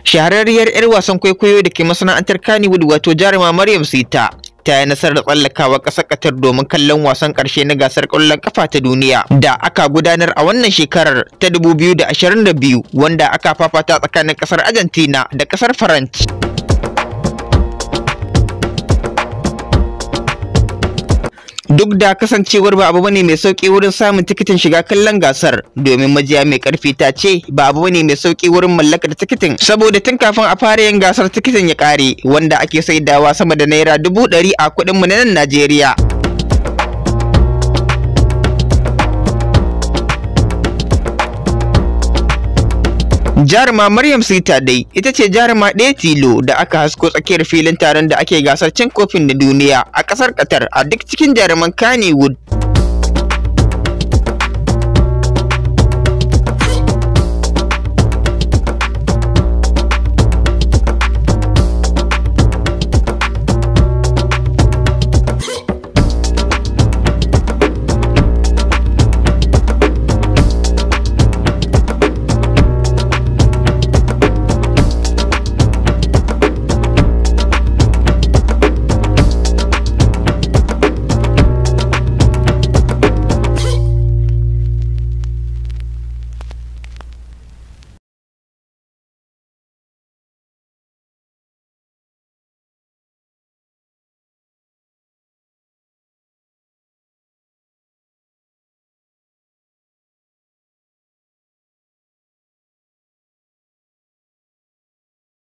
shahararriyar 'yar wasan kwaikwayo da ke masana'antar Kannywood wato jaruma Maryam Sita ta yi nasarar tsallakawa ƙasar Qatar domin kallon wasan ƙarshe na gasar ƙwallon ƙafa ta duniya da aka gudanar a wannan shekarar ta 2022 wanda aka fafata tsakanin ƙasar Argentina da ƙasar France. duk da kasancewar ba abu bane mai sauki wurin samun tikitin shiga kallon gasar domin majiya mai karfi ta ce ba abu bane mai sauki wurin mallakar tikitin saboda tun kafin a fara yin gasar tikitin ya kare wanda ake saidawa sama da naira dubu ɗari a kuɗin mu na nan Najeriya. Jaruma Maryam Sita dai ita ce jaruma ɗaya tilo da aka hasko tsakiyar filin taron da ake gasar cin kofin na duniya a ƙasar Qatar a duk cikin jaruman Kannywood